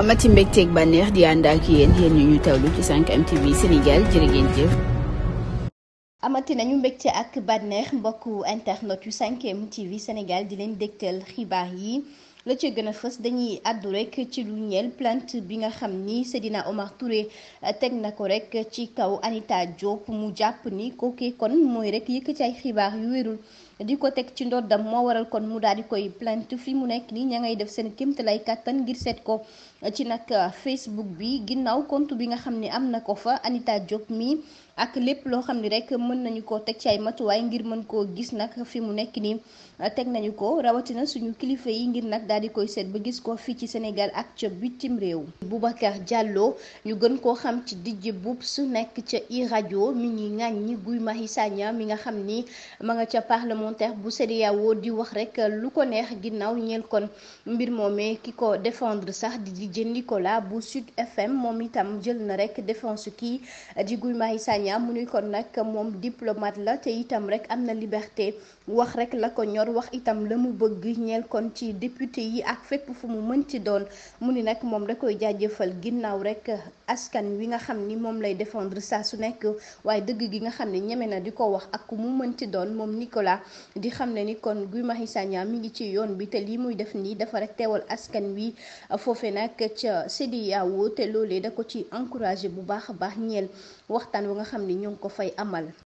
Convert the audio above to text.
amati mbégteeg bànneex di ànd ak yéen ñu ñu tawlu ci 5M TV Sénégal amati nañu mbégte ak bànneex mbokk internet yu 5M TV Sénégal di leen dégtal xibaar yi. la ci gën a fës dañuy àddu rek ci lu ñeel plant bi nga xam ni seddina Omar Touré eh, teg na ko rek ci kaw Anita Diop mu jàpp ni kookee kon mooy rek yëkkati ay xibaar yu wérul di ko teg ci ndoddam moo waral kon mu daal di koy plainte fi mu nekk nii ña ngay def seen kéemtalaay kàttan ngir seet ko ci nag eh, Facebook bi ginnaaw kont bi nga xam ni am na ko fa Anita Diop mi ak lépp loo xam ni rek mën nañu ko teg ci ay matuwaay ngir mën koo gis nag fi mu nekk nii eh, teg nañu ko rawatina suñu kilifa yi ngir nag daal di koy seet ba gis ko fii ci Sénégal ak ca bitim réew Boubacar jàlloo ñu gën koo xam ci DJ Boubs nekk ca iRadio mi ngi ŋàññi Guy Marius Sagna mi nga xam ni ma nga ca parlementaire bu CEDEAO di wax rek lu ko neex ginnaaw ñeel kon mbir moomee ki ko défendre sax di DJ Nicolas bu Sud FM moom itam jël na rek défense kii di Guy Marius Sagna mu ni kon nag moom diplomate la te itam rek am na liberté wax rek la ko ñor wax itam la mu bëgg ñeel kon ci société yi ak fépp fu mu mën ci doon mu ni nag moom da koy jaajëfal ginnaaw rek askan wi nga xam ni moom lay défendre saa su nekk waaye dëgg gi nga xam ne ñeme na di ko wax ak ku mu mën ci doon moom Nicolas di xam ne ni kon Guy Marius Sagna mi ngi ci yoon bi te lii muy def nii dafa rek teewal askan wi foofe nag ca CEDEAO te loolee da ko ci encouragé bu baax a baax ñeel waxtaan wu nga xam ni ñoo ngi ko fay amal.